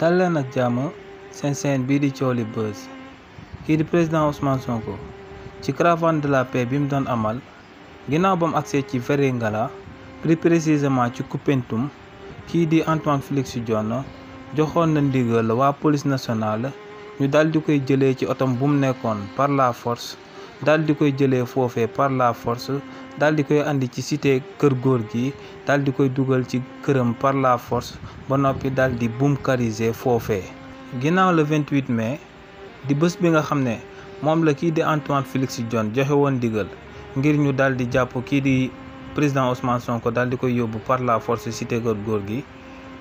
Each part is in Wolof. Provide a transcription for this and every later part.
dal leen ak jàmm seen bii di Thiowli Buzz kii di président Ousmane Sonko ci caravane de la paix bi mu doon amal ginnaaw bam mu ci Vélingara plus précisément ci Koupentoum kii di Antoine Félix Diome joxoon na ndigal waa police nationale ñu dal di koy jëlee ci otom bu mu nekkoon par la force daal di koy jëlee foofee par la force daal di koy indi ci cité kër góor gi daal di koy dugal ci këram par la force ba noppi daal di bunkariser foofee. ginnaaw le 28 mai di bés bi nga xam ne moom la kii di Antoine Félix Diome joxe woon digal ngir ñu daal di jàpp kii di président Ousmane Sonko daal di koy yóbbu par la force cité kër góor gi.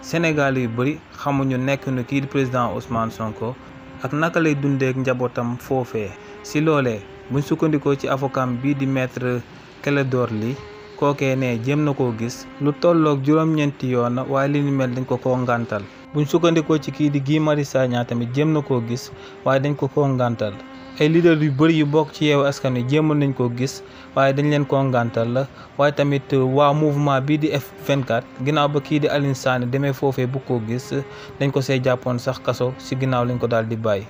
Sénégal yu bëri xamuñu nekk nu kii di président Ousmane Sonko ak naka lay dundeek njabootam foofee si loolee. buñ sukkandikoo ci avocat bii di maître Clédor li kookee ne jéem na koo gis lu tolloog juróom-ñeenti yoon waaye li ni dañ ko koo ngàntal buñ sukkandikoo ci kii di Guy Marius Sagna tamit jéem na koo gis waaye dañ ko koo ngàntal ay leader yu bëri yu bokk ci yeewu askan yi jéemoon nañ koo gis waaye dañ leen koo ngàntal la waaye tamit waa mouvement bii di F24 ginnaaw ba kii di Alioune Sané demee foofee bu koo gis dañ ko see jàppoon sax kaso si ginnaaw lañ ko daal di bàyyi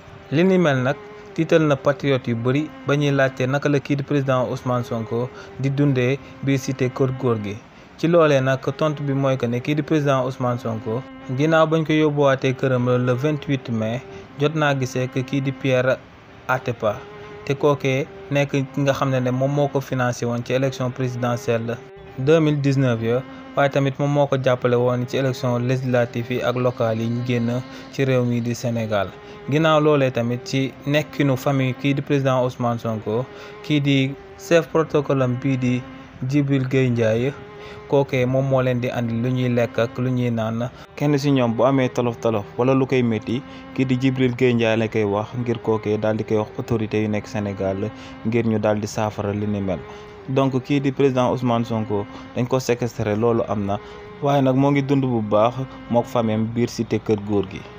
tiital na patriote yu bëri ba ñuy laajte naka la kii di président Ousmane Sonko di dundee biir cité kër góor gi ci loolee nag tontu bi mooy que ne kii di président Ousmane Sonko ginnaaw bañ ko yóbbuwaatee këram le 28 mai jot naa gisee que kii di Pierre Atepa te kookee nekk nga xam ne ne moom moo ko financé woon ci élection présidentielle 2019 ya waaye tamit moom moo ko jàppale woon ci élection législative yi ak locale yi ñu génn ci réew mi di Sénégal ginnaaw loolee tamit ci nekkinu famille kii di président Ousmane Sonko kii di chef protocole am bii di Djibril Gueye Ndiaye kookee moom moo leen di andi lu ñuy lekk ak lu ñuy naan kenn si ñoom bu amee tolof tolof wala lu koy métti kii di Djibril Gueye Ndiaye la koy wax ngir kookee daal di koy wax autorité yu nekk Sénégal ngir ñu daal di saafara li ni mel donc kii di président Ousmane Sonko dañ ko séquestré loolu am na waaye nag moo ngi dund bu baax mook famem biir te kër góor gi